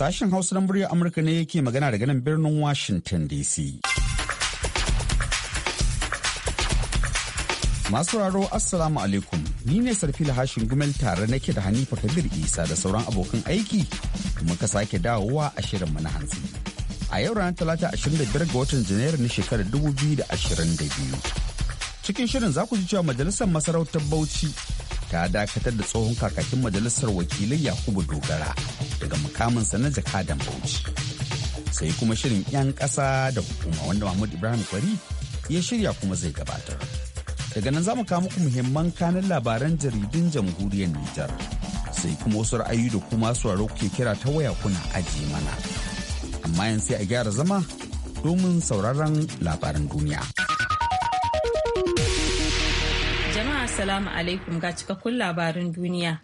Sashen Hausa na muryar Amurka ne yake magana daga nan birnin Washington DC. Masu raro Assalamu alaikum, ni ne sarfi Hashin Gumel tare nake da Hanifa Kabir Isa da sauran abokan aiki Kuma ka sake dawowa a shirin na A yau ranar Talata 25 ga watan Janairu na shekarar biyu. Cikin shirin za ku ji cewa Majalisar Masarautar Bauchi ta dakatar da tsohon kakakin majalisar wakilai yakubu dogara daga mukaminsa na jakadan bauchi sai kuma shirin 'yan ƙasa da hukuma wanda mahmud ibrahim kwari ya shirya kuma zai gabatar daga nan za mu kawo muku muhimman kanin labaran jaridun jamhuriyar nijar sai kuma wasu ra'ayi da kuma suwaro ke kira ta waya kuna aji mana amma yanzu sai a gyara zama domin sauraron labaran duniya. Jama'a salamu alaikum ga cikakkun labarin duniya.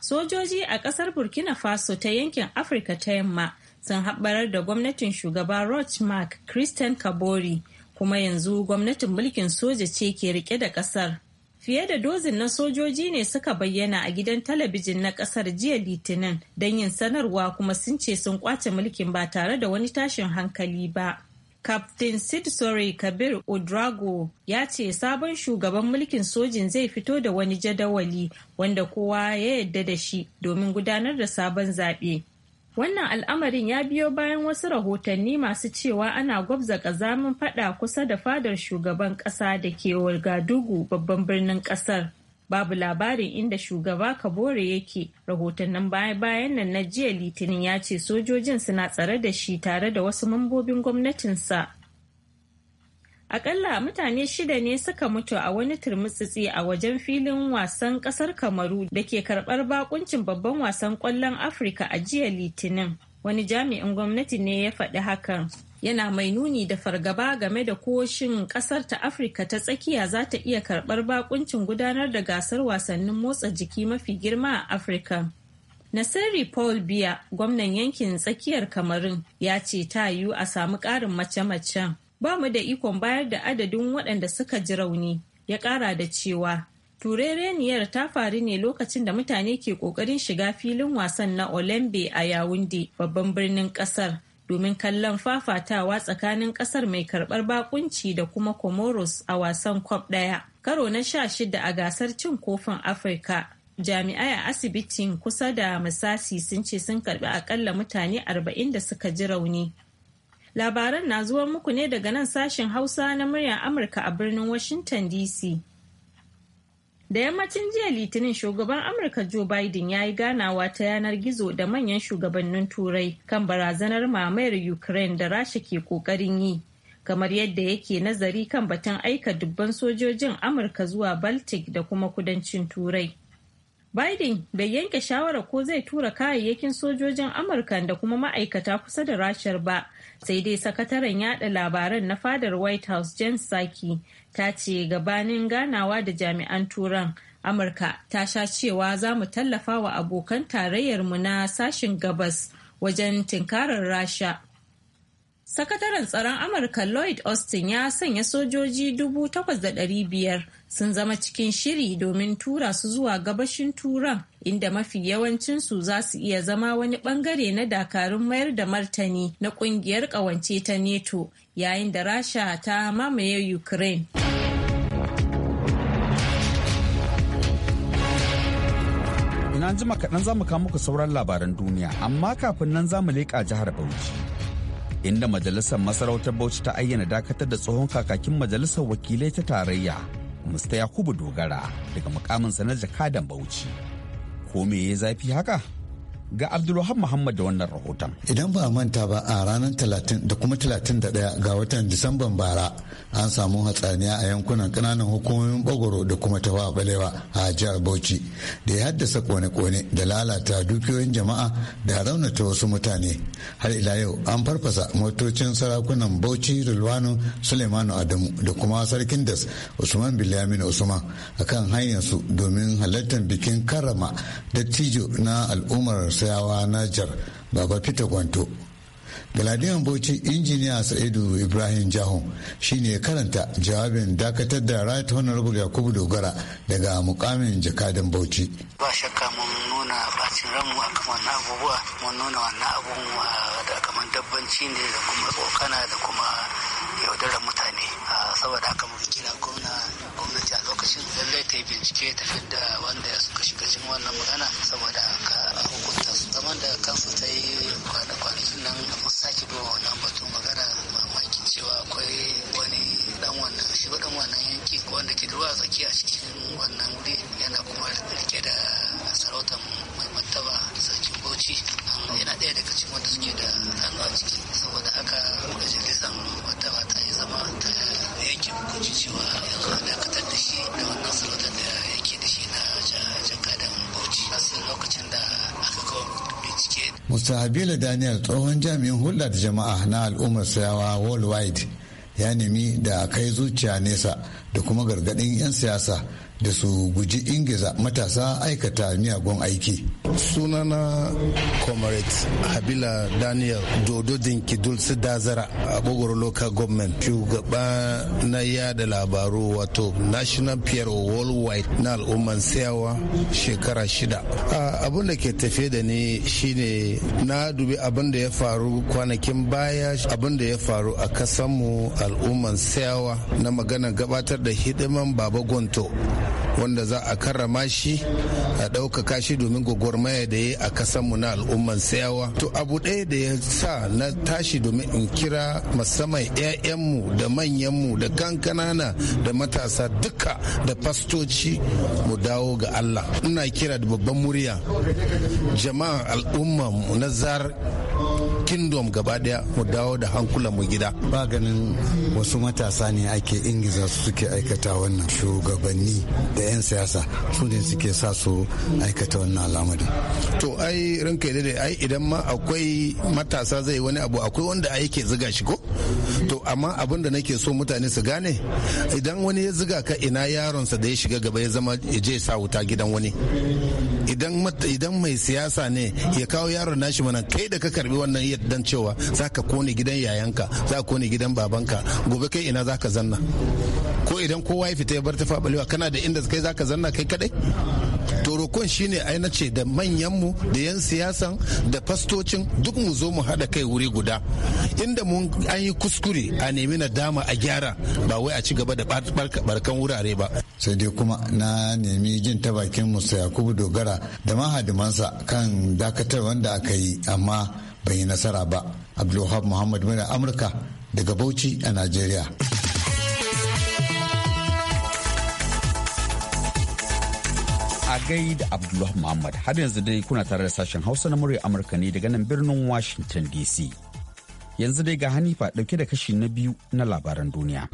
Sojoji a ƙasar Burkina Faso ta yankin Afirka ta yamma sun haɓarar da gwamnatin shugaba Roch Mark Christian Kabori kuma yanzu gwamnatin mulkin soja ce ke rike da ƙasar. Fiye da dozin na sojoji ne suka bayyana a gidan talabijin na ƙasar jiya Litinin don yin sanarwa kuma sun ce sun kwace mulkin ba tare da wani tashin hankali ba. Captain Sidsori Kabir Odrago ya ce sabon shugaban mulkin sojin zai fito da wani jadawali wanda kowa ya yadda da shi domin gudanar da sabon zaɓe. Wannan al'amarin ya biyo bayan wasu rahotanni masu cewa ana gwabza ƙazamin faɗa kusa da fadar shugaban ƙasa da ke Wargadugu babban birnin ƙasar. babu labarin inda shugaba kabore yake rahotannin baya-bayan nan na jiya litinin ya ce sojojin suna tsare da shi tare da wasu mambobin gwamnatinsa akalla mutane shida ne suka mutu a wani turmutsitsi a wajen filin wasan kasar kamaru da ke karbar bakuncin babban wasan kwallon afirka a jiya litinin wani jami'in gwamnati ne ya faɗi hakan yana mai nuni da fargaba game da koshin kasar ta afirka ta tsakiya za ta iya karbar bakuncin gudanar da gasar wasannin motsa jiki mafi girma a afirka nasiri paul biya gwamnan yankin tsakiyar Kamarun, ya ce ta yiwu a samu karin mace-macen ba mu da ikon bayar da adadin waɗanda suka ji rauni ya ƙara da cewa turereniyar ta faru ne lokacin da mutane ke ƙoƙarin shiga filin wasan na olembe a yawunde babban birnin ƙasar domin kallon fafatawa tsakanin kasar mai karbar bakunci da kuma comoros a wasan kwab daya karo na sha shida a gasar cin kofin afirka jami'ai a asibitin kusa da misasi sun ce sun karbi akalla mutane arba'in da suka ji rauni labaran na zuwan muku ne daga nan sashen hausa na muryar amurka a birnin washington dc Da yammacin jiya Litinin shugaban Amurka Joe Biden ya yi ganawa ta yanar gizo da manyan shugabannin Turai kan barazanar mamayar Ukraine da Rasha ke kokarin yi. Kamar yadda yake nazari kan batun aika dubban sojojin Amurka zuwa Baltic da kuma kudancin Turai. Biden bai yanke shawara ko zai tura kayayyakin sojojin Amurka da kuma ma'aikata kusa da rashar ba, sai dai sakataren yada labaran na fadar White House Jen Psaki ta ce gabanin ganawa da jami'an turan Amurka ta sha cewa za mu tallafa wa abokan tarayyarmu na sashin gabas wajen tinkarar Rasha. Sakataren tsaron Amurka Lloyd Austin ya sanya sojoji 8,500 sun zama cikin shiri domin tura su zuwa gabashin Turan inda mafi yawancinsu za su iya zama wani bangare na dakarun mayar da martani na kungiyar kawance ta NATO yayin da Rasha ta mamaye Ukraine. Ina jima kaɗan za mu kawo muku sauran labaran duniya, amma kafin nan za mu leƙa jihar Bauchi. inda majalisar masarautar bauchi ta ayyana dakatar da tsohon kakakin majalisar wakilai ta tarayya musta yakubu dogara daga mukamin na jakadan bauchi ko me ya zafi haka ga Abdulrahman Muhammad da wannan rahoton. Idan ba a manta ba a ranar talatin da kuma talatin da ɗaya ga watan Disamban bara an samu hatsaniya a yankunan ƙananan hukumomin bagoro da kuma Tawa Balewa a jihar Bauchi da ya haddasa kone-kone da lalata dukiyoyin jama'a da raunata wasu mutane. Har ila yau an farfasa motocin sarakunan Bauchi Rulwano Suleimanu Adamu da kuma sarkin Das Usman Bilyamin Usman akan hanyarsu domin halartar bikin karrama dattijo na al'ummar na najar Baba Peter Gwanto. Galadiyan Bauchi injiniya Sa'idu Ibrahim shi shine karanta jawabin dakatar da Right Honorable Yakubu Dogara daga mukamin jakadan Bauchi. Ba shakka mun nuna bacin ranmu a kan wannan abubuwa mun nuna wannan abun ah, da kamar dabbanci ne da kuma tsokana da kuma yaudarar mutane ah, saboda haka mun kira gwamna gwamnati a lokacin lallai ta yi bincike ta da wanda suka shiga cikin wannan magana Mr. Habila Daniel tsohon jami'in hulɗa da jama'a na al'ummar sayawa worldwide ya nemi da kai zuciya nesa da kuma gargaɗin 'yan siyasa da su guji ingiza matasa aikata miyagun aiki. sunana comrade habila daniel dodo dinki dulce dazara a gogoro local government shugaba na yada labaru wato national pier worldwide na al'umman sayawa shekara shida abin da ke tafe da ni shine na dubi abin da ya faru kwanakin baya abin da ya faru a kasanmu al'umman sayawa na magana gabatar da hidiman baba gonto wanda za a karrama shi a ɗaukaka shi domin gwagwarmaya gwagwarmaya da ya a mu na al'umman sayawa to abu ɗaya da ya sa na tashi domin in kira musamman 'ya'yanmu da manyanmu da kankanana da matasa duka da fastoci mu dawo ga Allah ina kira da babban murya jama'an mu na zar kingdom gaba daya mu dawo da hankulan mu gida ba ganin wasu matasa ne ake ingiza su suke aikata wannan shugabanni da 'yan siyasa su ne suke sa su aikata wannan al'amari to ai ranka da ai idan ma akwai matasa zai wani abu akwai wanda yake ziga shi ko to amma abin da nake so mutane su gane idan wani ya ziga ka ina yaronsa da ya shiga gaba ya zama ya je sa wuta gidan wani idan mai siyasa ne ya kawo yaron nashi mana kai da ka karbi wannan dan cewa za ka kone gidan yayanka za ka kone gidan babanka gobe kai ina za ka zanna ko idan kowa ya fita ya bar tafa balewa kana da inda kai za ka zanna kai kadai to rokon shine ai na ce da manyanmu da yan siyasan da fastocin duk mu zo mu haɗa kai wuri guda inda mun an yi kuskure a nemi na dama a gyara ba wai a ci gaba da barkan wurare ba sai dai kuma na nemi jin ta bakin musa yakubu dogara da mahadumansa kan dakatar wanda aka yi amma bai yi nasara ba abdulwahab muhammad muna amurka daga bauchi a najeriya a gaida abdulwahab muhammad har yanzu dai kuna tare da sashen hausa na murya amurka ne daga nan birnin washington dc yanzu dai ga hanifa dauke da kashi na biyu na labaran duniya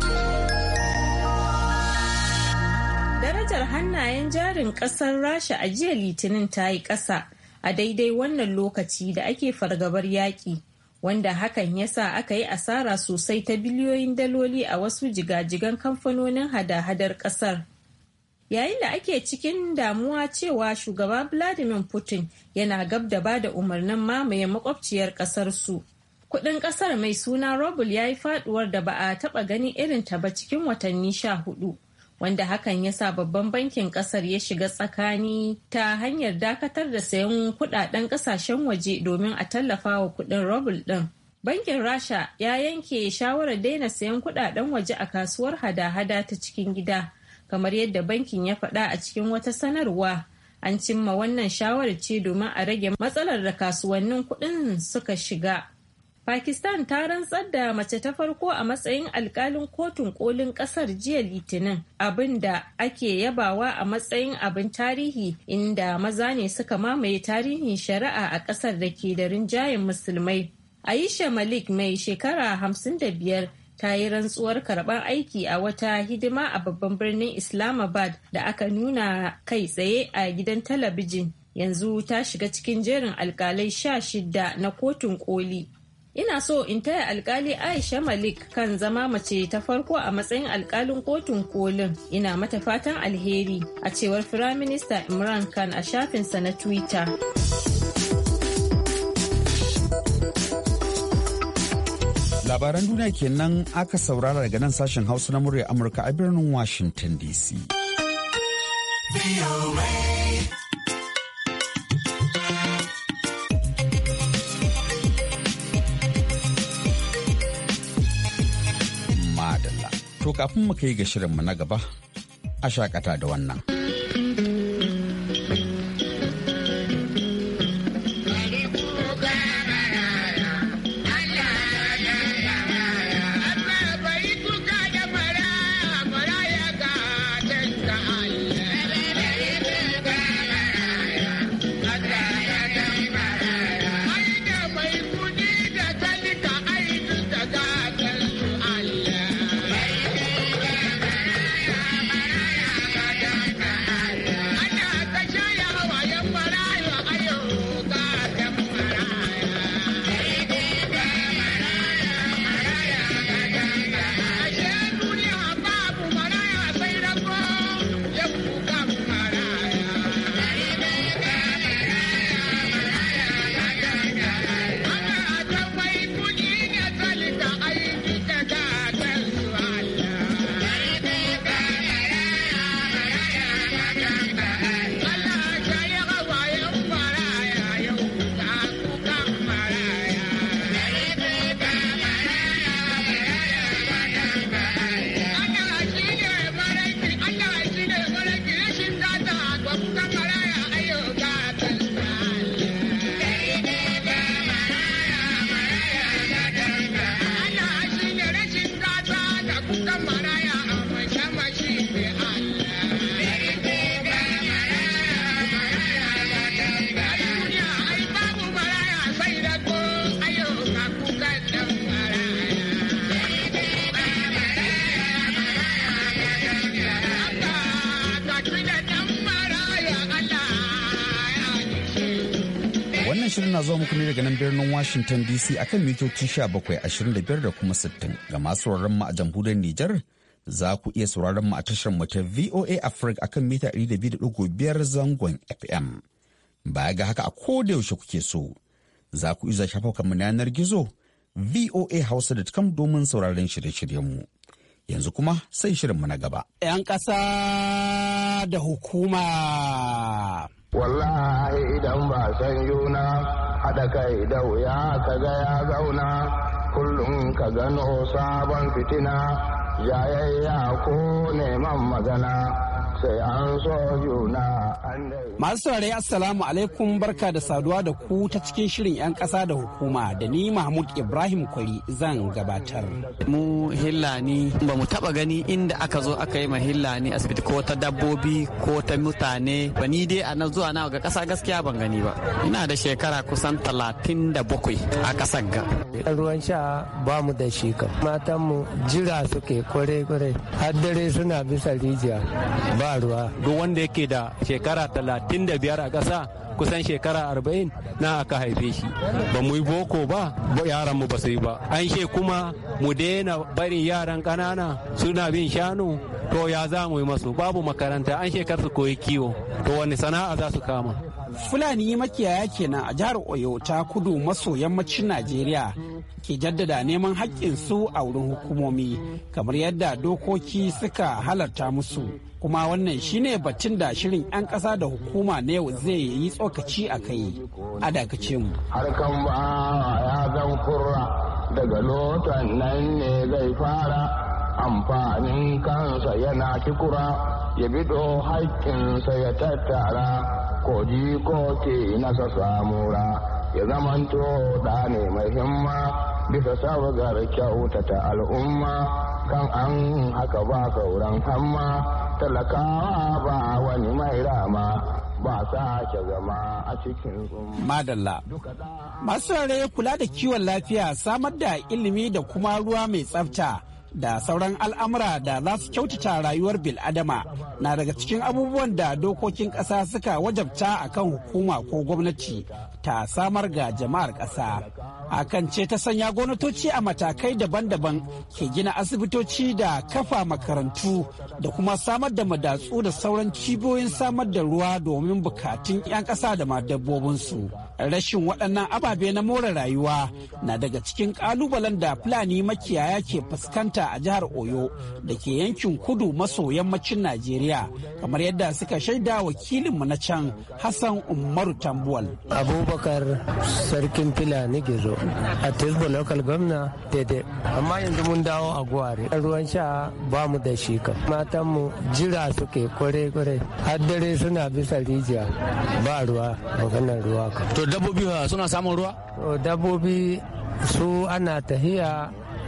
darajar hannayen jarin kasar rasha a jiya litinin ta yi kasa a daidai wannan lokaci da ake fargabar yaƙi wanda hakan ya sa aka yi asara sosai ta biliyoyin daloli a wasu jigajigan kamfanonin hada-hadar ƙasar. Yayin da ake cikin damuwa cewa shugaba Vladimir Putin yana gab da ba da umarnin mamaye makwabciyar ƙasarsu. Kuɗin ƙasar mai suna Robul ya yi faɗuwar da ba a taɓa ganin irin ta ba cikin watanni sha hudu. wanda hakan ya sa babban bankin kasar ya shiga tsakani ta hanyar dakatar da sayan kudaden kasashen waje domin a tallafa wa kudin rubul din. Bankin Rasha ya yanke shawarar daina sayan kudaden waje a kasuwar hada-hada ta cikin gida, kamar yadda bankin ya faɗa a cikin wata sanarwa. An cimma wannan shawarar ce domin a rage matsalar da kasuwannin kuɗin suka shiga. Pakistan ta rantsar da mace ta farko a matsayin alkalin kotun kolin kasar jiya litinin abin da ake yabawa a matsayin abin tarihi inda maza ne suka mamaye tarihin shari'a a kasar da ke da rinjayen musulmai. Aisha Malik mai shekara 55 ta yi rantsuwar karɓar aiki a wata hidima a babban birnin Islamabad da aka nuna kai tsaye a gidan talabijin. Yanzu ta shiga cikin jerin alkalai sha shida na kotun koli. ina so in taya alkali aisha malik kan zama mace ta farko a matsayin alkalin kotun kolin ina mata fatan alheri a cewar firaminista imran khan a shafinsa na twitter labaran duniya kenan aka saurara daga nan sashen hausa na murya amurka a birnin washington dc To kafin mu kai ga mu na gaba, a shakata da wannan. na zuwa muku ne daga nan birnin Washington DC akan mitoci 1725 da kuma 60 ga masu sauraron mu a jamhuriyar Nijar za ku iya sauraron mu a tashar mu ta VOA Africa akan mita 200.5 zangon FM. Baya ga haka a koda yaushe kuke so za ku iya shafukan mu na yanar gizo voahausa.com domin sauraron shirye-shiryen mu. Yanzu kuma sai shirin mu na gaba. 'Yan ƙasa da hukuma. wallahi idan ba san yuna haɗa kai da wuya ka ga ya zauna kullum ka gano sabon fitina jayayya ko neman magana sai an so Masu saurare Assalamu alaikum barka da saduwa da ku ta cikin shirin 'yan ƙasa da hukuma da ni Mahmud Ibrahim Kwari zan gabatar. Mu hillani ba mu taɓa gani inda aka zo aka yi ma hillani asibiti ko ta dabbobi ko ta mutane ba ni dai a na zuwa na ga ƙasa gaskiya ban gani ba. Ina da shekara kusan talatin da bakwai a ƙasar ga. Ruwan sha ba mu da shi Matanmu jira suke kore-kore har dare suna bisa rijiya ba ba ruwa duk wanda yake da shekara talatin da biyar a ƙasa kusan shekara arba'in na aka haife shi ba mu yi boko ba yaran mu ba su yi ba an she kuma mu daina barin yaran ƙanana suna bin shanu to ya za mu yi masu babu makaranta an shekar su koyi kiwo to wani sana'a za su kama Fulani makiyaya kenan a jihar Oyo ta kudu maso yammacin Najeriya ke jaddada neman su a wurin hukumomi kamar yadda dokoki suka halarta musu. Kuma wannan shine batun da shirin 'yan ƙasa da hukuma na yau zai yi tsokaci a kai. A dakace mu. Harkan ba ya zan kurra daga lotan nan ne zai fara amfanin kansa yana kikura ya bido haƙƙinsa ya tattara. koji ko ke nasa samura ya zamanto da ne mai himma bisa sabgar kyautata al'umma kan an haka ba sauran hamma talakawa ba wani mai rama ba sake zama a cikin Madalla. Masu rare kula da kiwon lafiya samar da ilimi da kuma ruwa mai tsafta da sauran al'amura da za su kyautata rayuwar bil'adama na daga cikin abubuwan da dokokin ƙasa suka wajabta a kan hukuma ko gwamnati ta samar ga jama'ar ƙasa akan ce ta sanya gwamnatoci a matakai daban-daban ke gina asibitoci da kafa makarantu da kuma samar da madatsu da sauran cibiyoyin samar da ruwa domin bukatun 'yan ƙasa da ma dabbobinsu rashin waɗannan ababe na more rayuwa na daga cikin ƙalubalen da fulani makiyaya ke fuskanta a jihar oyo da ke yankin kudu maso yammacin najeriya kamar yadda suka shaida wakilinmu na can hassan umaru tambuwal abubakar sarkin fulani gizo a tisbo local gwamna daidai amma yanzu mun dawo a guware ruwan sha ba mu da shi matan matanmu jira suke kore kore har dare suna bisa rijiya ba ruwa maganar ruwa ka to dabbobi suna samun ruwa to dabbobi su ana tahiya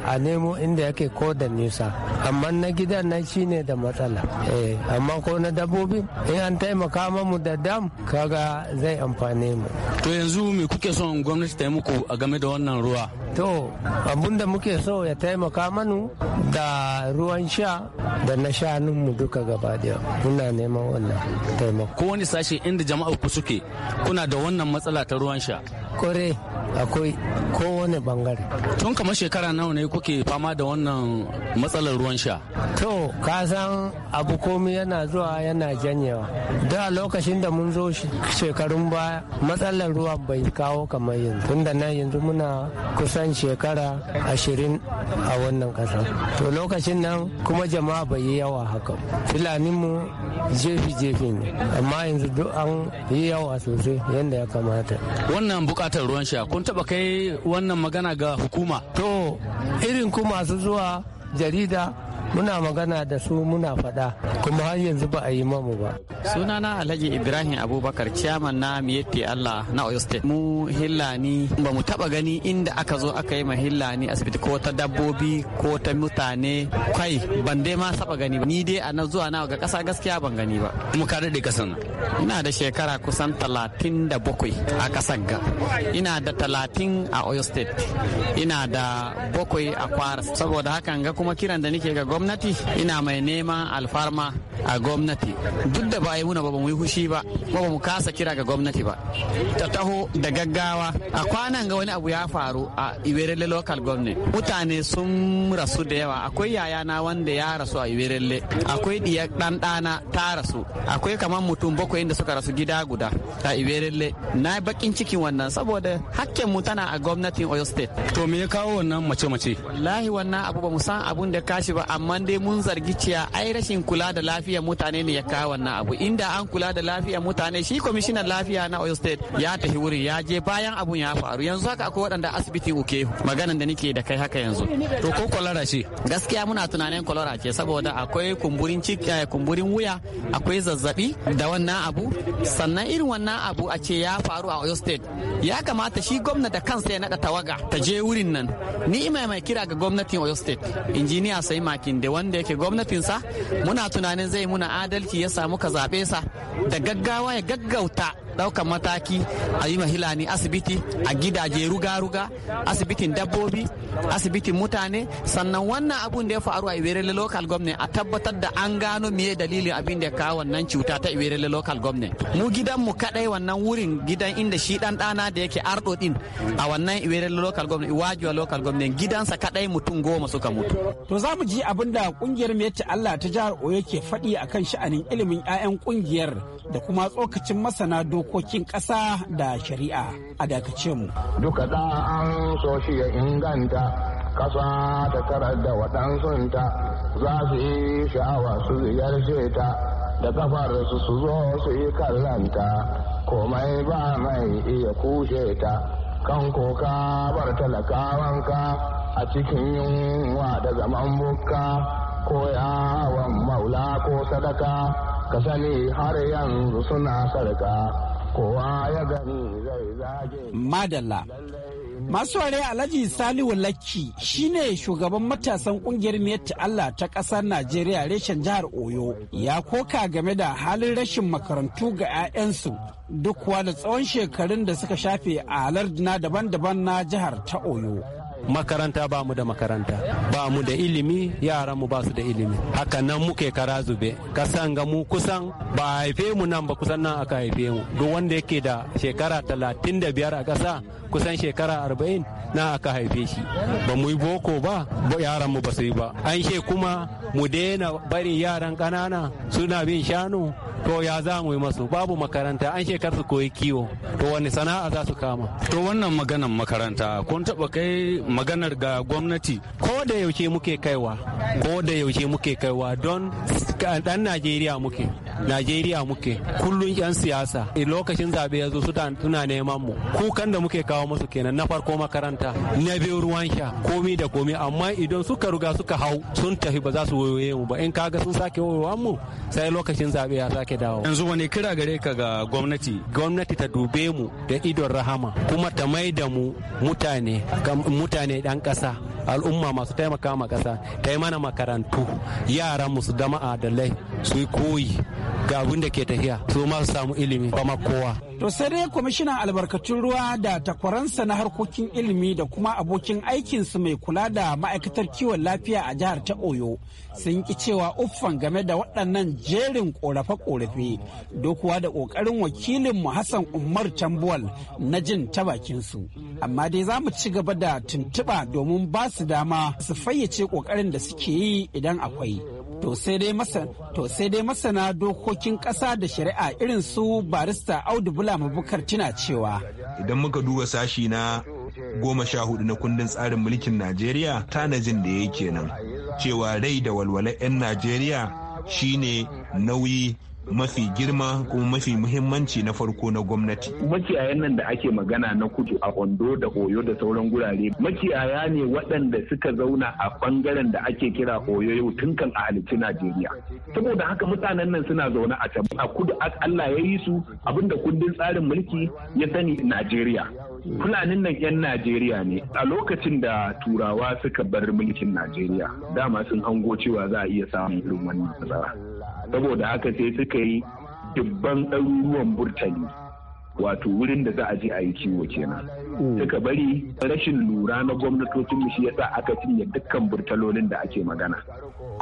a nemo inda yake ko da nisa amma na gidan shi shine da matsala eh, amma ko na dabbobi in an taimaka mamu da dam kaga zai amfane mu to yanzu me kuke son gwamnati ta yi muku a game da wannan ruwa to abun da muke so ya taimaka manu da ruwan sha da na mu duka gaba daya muna neman wannan taimako ko wani sashe inda jama'a ku suke kuna da wannan matsala ta ruwan sha kore akwai kowane bangare tun kamar shekara nawa ne kuke fama da wannan matsalar ruwan sha to ka san abu komi yana zuwa yana janyewa da lokacin da mun zo shekarun baya matsalar ruwa bai kawo kamar yanzu tun da nan yanzu muna kusan shekara ashirin a wannan kasa to lokacin nan kuma jama'a bai yi yawa haka filaninmu jefi-jefi ne amma yanzu duk an yi yawa sosai yadda ya kamata wannan bukatar ruwan sha kun taba kai wannan magana ga hukuma to irin ku masu zuwa jarida muna magana da su muna faɗa kuma har yanzu ba a yi mamu ba sunana alhaji ibrahim abubakar ciyaman na miyetti allah na oyo state mu hillani ba mu taba gani inda aka zo aka yi ma hillani asibiti ko ta dabbobi ko ta mutane kai ban dai ma saba gani ba ni dai a na zuwa nawa, ga kasa gaskiya ban gani ba mu ka daɗe kasan ina da shekara kusan talatin da bakwai a kasar ga ina da talatin a oyo state ina da bakwai a kwara saboda hakan ga kuma kiran da nake ga gwamnati gwamnati ina mai nema alfarma a gwamnati duk da ba yi muna ba yi hushi ba ba mu kasa kira ga gwamnati ba ta taho da gaggawa a kwanan ga wani abu ya faru a iwerele local government mutane sun rasu da yawa akwai yayana wanda ya rasu a iwerele akwai diya dan dana ta rasu akwai kamar mutum bakwai da suka rasu gida guda a iwerele na bakin cikin wannan saboda hakken mu tana a gwamnatin oyo state to me ya kawo wannan mace mace wallahi wannan abu ba mu san abun da kashi ba amma amma dai mun zargi cewa ai rashin kula da lafiyar mutane ne ya kawo wannan abu inda an kula da lafiyar mutane shi kwamishinan lafiya na Oyo State ya tafi wuri ya je bayan abun ya faru yanzu haka akwai waɗanda asibitin uke maganan da nake da kai haka yanzu to ko kwalara ce gaskiya muna tunanin kwalara ce saboda akwai kumburin eh, kumburin wuya akwai zazzabi da wannan abu sannan irin wannan abu a ce ya faru a Oyo State ya kamata shi gwamna kansa ya naɗa tawaga ta je wurin nan ni mai mai kira ga gwamnatin Oyo State injiniya sai makin da wanda yake gwamnatinsa muna tunanin zai muna adalci ya samu ka zaɓe sa da gaggawa ya gaggauta ɗaukan mataki a yi hilani asibiti a gidaje ruga-ruga asibitin dabbobi asibitin mutane sannan wannan abun da ya faru a iwerele local government a tabbatar da an gano miye dalilin abin da ya kawo wannan cuta ta iwerele local government mu gidanmu kadai wannan wurin gidan inda shi dan dana da yake ardo din a wannan iwerele local government iwajuwa local government gidansa kadai mutum goma suka mutu to za mu ji abin da kungiyar mai Allah ta jihar Oyo ke faɗi akan sha'anin ilimin 'ya'yan kungiyar da kuma tsokacin masana dokokin ƙasa da shari'a a dakace mu. Duka ɗan an so shi ya inganta ƙasa ta karar da waɗansunta za su yi sha'awa su ziyarce ta da kafar su su zo su yi kallanta komai ba mai iya kushe ta kan koka bar talakawanka a cikin yunwa da zaman bukka ko yawon maula ko sadaka ka sani har yanzu suna sarka Madala mm. Madalla. Masu ware Alhaji Salihu Lakki shine shugaban matasan kungiyar Miyatta Allah ta ƙasar Najeriya reshen jihar Oyo ya koka game da halin rashin makarantu ga 'ya'yansu duk kuwa da tsawon shekarun da suka shafe a halar daban-daban na jihar ta Oyo. makaranta ba mu da makaranta ba mu da ilimi yaran mu ba su da ilimi haka nan muke kara zube kasan ga mu kusan ba haife mu nan ba kusan nan aka haife mu duk wanda yake da shekara talatin da biyar a kasa kusan shekara arba'in na aka haife shi ba mu yi boko ba yaran mu ba su yi ba an she kuma mu daina bari yaran kanana suna bin shanu to ya za mu yi masu babu makaranta an shekar su koyi kiwo to wani sana'a za su kama to wannan maganan makaranta kun taɓa kai maganar ga gwamnati ko da yaushe muke kaiwa ko da yaushe muke kaiwa don dan najeriya muke najeriya muke kullun yan siyasa eh, lokacin zaɓe ya zo suna neman mu kukan da muke kawo musu kenan na farko makaranta na biyu ruwan sha komi da komi amma idan suka ruga suka hau sun tafi ba za su wayoye mu ba in kaga sun sake wayoyan mu sai lokacin zaɓe ya sake dawo yanzu wani kira gare ka ga gwamnati gwamnati ta dube mu da idon rahama kuma ta mai da mu mutane mutane mutane ɗan ƙasa al'umma masu taimaka ma ƙasa ta yi mana makarantu yaran musu dama'a da lai su yi koyi da abin da ke tafiya su ma su samu ilimi kuma kowa. To sai dai kwamishinan albarkatun ruwa da takwaransa na harkokin ilimi da kuma abokin aikinsu mai kula da ma'aikatar kiwon lafiya a jihar ta Oyo sun ki cewa uffan game da waɗannan jerin ƙorafe-ƙorafe dokuwa da ƙoƙarin wakilinmu Hassan Umar Tambuwal na jin ta bakinsu. Amma dai za mu ci gaba da tuntuɓa domin ba su dama su fayyace ƙoƙarin da suke yi idan akwai. to sai dai masana dokokin ƙasa da shari'a irin su barista Audu Bula Mabukar tuna cewa. Idan muka duba sashi na goma sha hudu na kundin tsarin mulkin Najeriya tanajin da yake nan. cewa rai da walwale 'yan Najeriya shine nauyi mafi girma kuma mafi muhimmanci na farko na gwamnati. Makiyayan nan da ake magana na kudu a Ondo da Oyo da sauran gurare makiyaya ne waɗanda suka zauna a ɓangaren da ake kira Oyo yau tun kan a halittu Najeriya. Saboda haka mutanen nan suna zaune a can a kudu Allah ya yi su abinda kundin tsarin mulki ya sani Najeriya. Fulanin nan 'yan Najeriya ne a lokacin da Turawa suka bar mulkin Najeriya dama sun hango cewa za a iya samun irin wannan tsara. saboda haka sai suka yi dubban ɗaruruwan burtali wato wurin da za a je a yi kiwo kenan mm. suka bari rashin lura na gwamnatocin shi ya sa aka cinye dukkan burtalolin da ake magana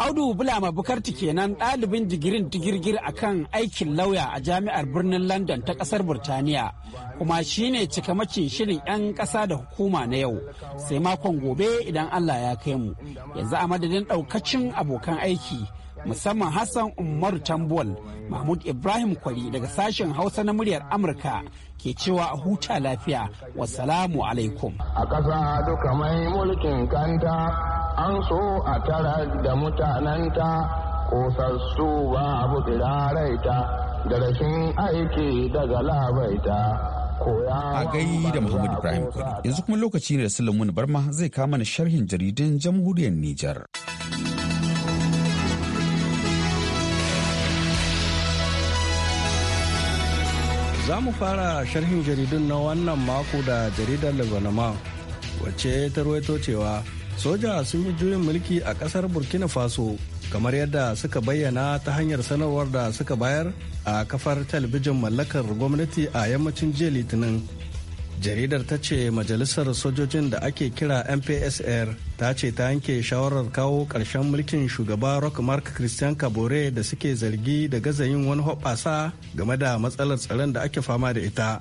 audu bulama bukarti kenan ɗalibin digirin digirgir akan aikin lauya a jami'ar birnin london ta ƙasar burtaniya kuma shine cikamacin shirin 'yan ƙasa da hukuma na yau sai makon gobe idan allah ya kai mu yanzu a madadin ɗaukacin abokan aiki musamman Hassan Umar Tambuwal, Mahmud Ibrahim Kwari daga sashen Hausa na muryar Amurka ke cewa a huta lafiya. wasalamu alaikum. A ƙasa duka mai mulkin kanta an so a tara da mutananta kosassu ba abu raita da rashin aiki daga labaita. a gai da Muhammad Ibrahim Kwari. Yanzu kuma lokaci ne da Sulaimun Barma zai kama na sharhin jaridan jamhuriyar Nijar. Za mu fara sharhin jaridun na wannan mako da jaridar Lebanama wacce ta ruwaito cewa soja sun yi juyin mulki a kasar Burkina Faso kamar yadda suka bayyana ta hanyar sanarwar da suka bayar a kafar talabijin mallakar gwamnati a yammacin jiya litinin jaridar ta ce majalisar sojojin da ake kira mpsr ta ce ta yanke shawarar kawo ƙarshen mulkin shugaba rock mark christian kabore da suke zargi da gaza yin wani hoɓasa game da matsalar tsaron da ake fama da ita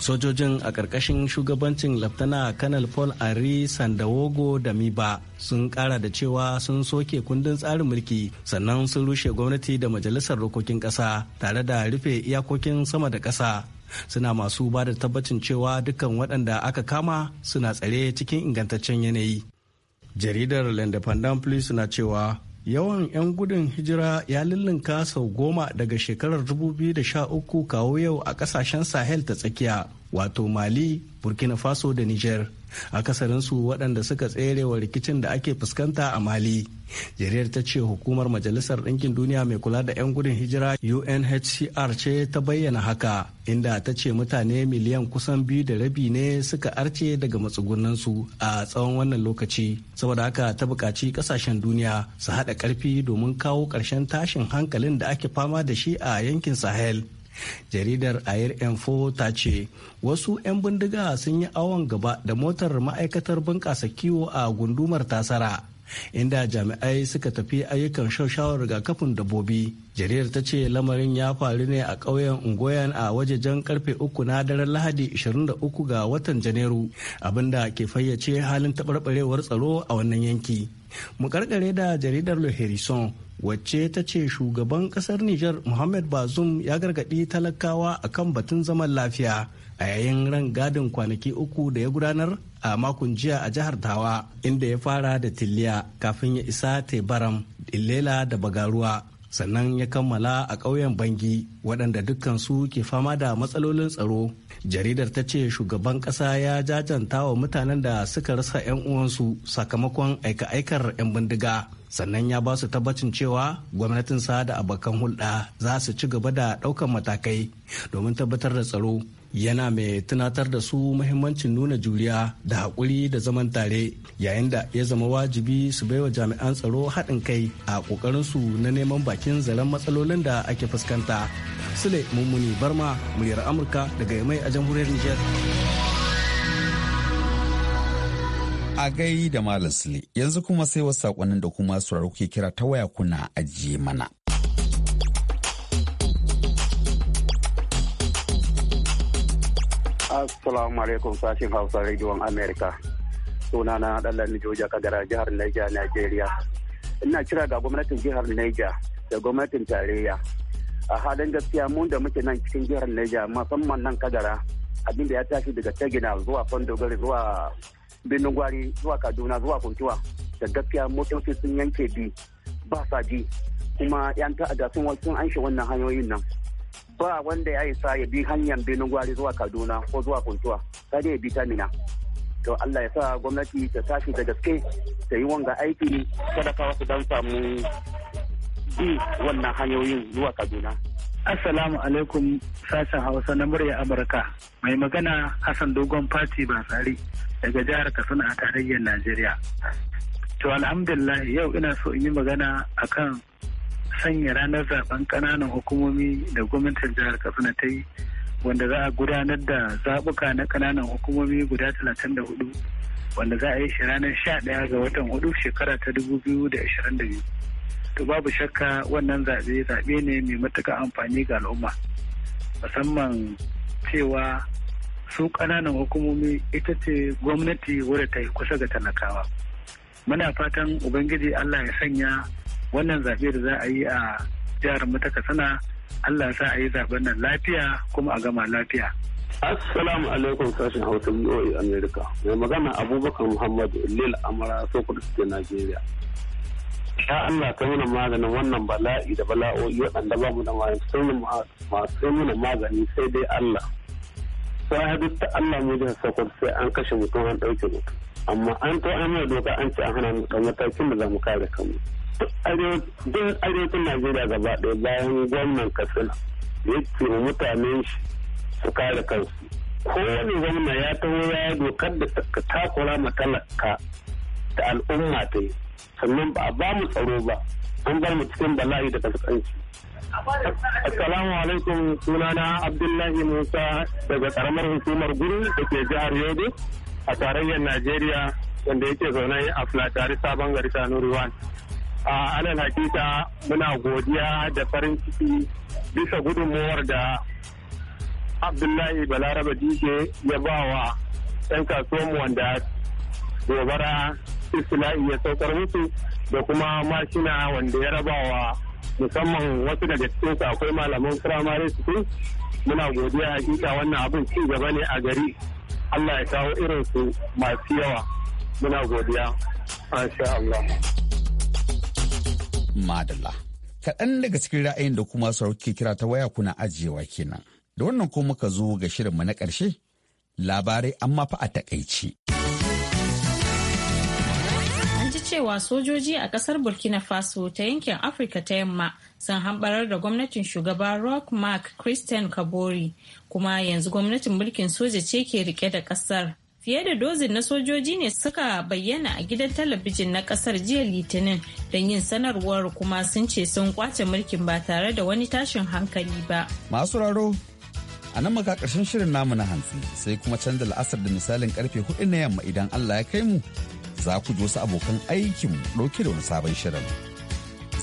sojojin a ƙarƙashin shugabancin laftana kanal paul ari sandawogo da miba sun ƙara da cewa sun soke kundin tsarin mulki sannan sun rushe gwamnati da majalisar dokokin ƙasa tare da rufe iyakokin sama da ƙasa suna masu ba da tabbacin cewa dukkan waɗanda aka kama suna tsare cikin ingantaccen yanayi jaridar l'independent police na cewa yawan 'yan gudun hijira ya lullunka sau goma daga shekarar 2013 kawo yau a kasashen sahel ta tsakiya wato mali burkina faso da niger akasarinsu waɗanda suka tserewa rikicin da ake fuskanta a mali jariyar ta ce hukumar majalisar ɗinkin duniya mai kula da 'yan gudun hijira unhcr ce ta bayyana haka inda ta ce mutane miliyan kusan biyu da rabi ne suka arce daga su a tsawon wannan lokaci saboda haka ta buƙaci ƙasashen duniya su haɗa ƙarfi domin kawo ƙarshen tashin hankalin da ake fama da shi a yankin sahel jaridar air info ta ce wasu 'yan bindiga sun yi awon gaba da motar ma'aikatar bunƙasa kiwo a gundumar tasara inda jami'ai suka tafi ayyukan ga rigakafin dabbobi jaridar ta ce lamarin ya faru ne a ƙauyen ungoyan a wajejen karfe uku na daren lahadi 23 ga watan janairu abinda ke fayyace halin taɓarɓarewar tsaro a wannan yanki mu karkare da jaridar le harrison wacce ta ce shugaban kasar niger muhammad bazoum ya gargadi talakawa akan batun zaman lafiya a yayin ran gadin kwanaki uku da ya gudanar a makon jiya a jihar tawa inda ya fara da tiliya kafin ya isa tebaram illela da bagaruwa sannan ya kammala a ƙauyen bangi waɗanda dukkan su ke fama da matsalolin tsaro jaridar ta ce shugaban ƙasa ya jajanta wa mutanen da suka rasa 'yan uwansu sakamakon aika-aikar 'yan bindiga sannan ya ba su tabbacin cewa gwamnatinsa da abokan hulɗa za su ci gaba da ɗaukan matakai domin tabbatar da tsaro yana mai tunatar da su muhimmancin nuna juriya da haƙuri da zaman tare yayin da ya zama wajibi su baiwa jami'an tsaro haɗin kai a ƙoƙarinsu na neman bakin zaren matsalolin da ake fuskanta. Sule Mummuni Barma, muryar Amurka daga Yamai a jamhuriyar niger A gai da Malam Sule, yanzu kuma sai wasu saƙonin da kuma sauraro kuke kira ta waya kuna ajiye mana. Assalamu alaikum sashen Hausa Radio America. Suna na Ɗanlan Joja Kagara jihar Niger, Nigeria. Ina kira ga gwamnatin jihar Niger da gwamnatin tarayya. A halin gaskiya mun da muke nan cikin jihar Niger musamman nan Kagara abin da ya tashi daga Tagina zuwa Fandogari zuwa Birnin Gwari zuwa Kaduna zuwa Kuntuwa. Da gaskiya motoci sun yanke bi ba sa ji kuma 'yan ta'adda sun an shi wannan hanyoyin nan. ba wanda ya isa ya bi hanyar binin gwari zuwa kaduna ko zuwa kuntuwa sai ya bi tamina to allah ya sa gwamnati ta tashi da gaske ta yi wanga aiki ka wasu dan samu bi wannan hanyoyin zuwa kaduna Assalamu alaikum sashen Hausa na murya Amurka. Mai magana Hassan Dogon Fati tsari daga jihar Katsina a tarayyar Najeriya. To alhamdulillah yau ina so in yi magana akan sanya ranar zaben kananan hukumomi da gwamnatin jihar katsina ta yi wanda za a gudanar da zabuka na kananan hukumomi guda 34 wanda za a yi shi ranar 11 ga watan 4 shekara ta 2022 to babu shakka wannan zaɓe zaɓe ne mai matuka amfani ga al'umma musamman cewa su kananan hukumomi ita ce gwamnati wadda ta yi kusa ga talakawa muna fatan ubangiji allah ya sanya wannan zaɓe da za a yi a jihar mu ta allah sa a yi zaɓen nan lafiya kuma a gama lafiya Assalamu alaikum sashen Hausa BOA Amerika. Mai magana Abubakar Muhammadu, Lil Amara Sokoto State Nigeria. Ya Allah ka mana maganin wannan bala'i da bala'o'i waɗanda ba mu da masu nuna magani sai dai Allah. Sai ta Allah mu da Sokoto sai an kashe mutum an ɗauke mutum. Amma an to an doka an ce an hana mu ɗan matakin da za mu kare kanmu. duk arewacin najeriya gaba ɗaya bayan gwamnan katsina ya ce mutane shi su kare kansu kowane gwamna ya taho ya dokar da ta takura ma talaka da al'umma ta yi sannan ba a ba mu tsaro ba an bar mu cikin bala'i da kasance. assalamu alaikum sunana abdullahi musa daga karamar hukumar guri da ke jihar yobe a tarayyar najeriya wanda yake zaune a tari sabon gari sanuri a anan hakika muna godiya da farin ciki bisa gudunmuwar da abdullahi balaraba dije ya ba wa 'yan kasuwanmu wanda gobara islahi ya saukar musu da kuma mashina wanda ya raba wa musamman wasu daga cikin akwai malaman firamare su muna godiya hakika wannan abin ci gaba ne a gari allah ya kawo irinsu masu yawa muna godiya Allah. Madalla. Kaɗan daga cikin ra'ayin da kuma ke kira ta waya kuna ajiyewa kenan. Da wannan ko muka zo ga shirinmu na ƙarshe labarai amma fa a takaici. An ji cewa sojoji a ƙasar Burkina Faso ta yankin Afirka ta yamma sun hambarar da gwamnatin shugaba Rock Mark Christian Kabori kuma yanzu gwamnatin mulkin soja ce ke rike da ƙasar. fiye da dozin na sojoji ne suka bayyana a gidan talabijin na kasar jiya litinin don yin sanarwar kuma sun ce sun kwace mulkin ba tare da wani tashin hankali ba masu raro a nan maka karshen shirin namu na hantsi sai kuma canza la'asar da misalin karfe hudu na yamma idan allah ya kai mu za ku ji wasu abokan aikinmu ɗauke da wani sabon shirin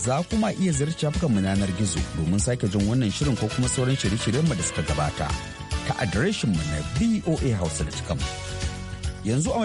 za kuma iya ziyarci mu na yanar gizo domin sake jin wannan shirin ko kuma sauran shirye mu da suka gabata ta adireshinmu na voa hausa da yanzu a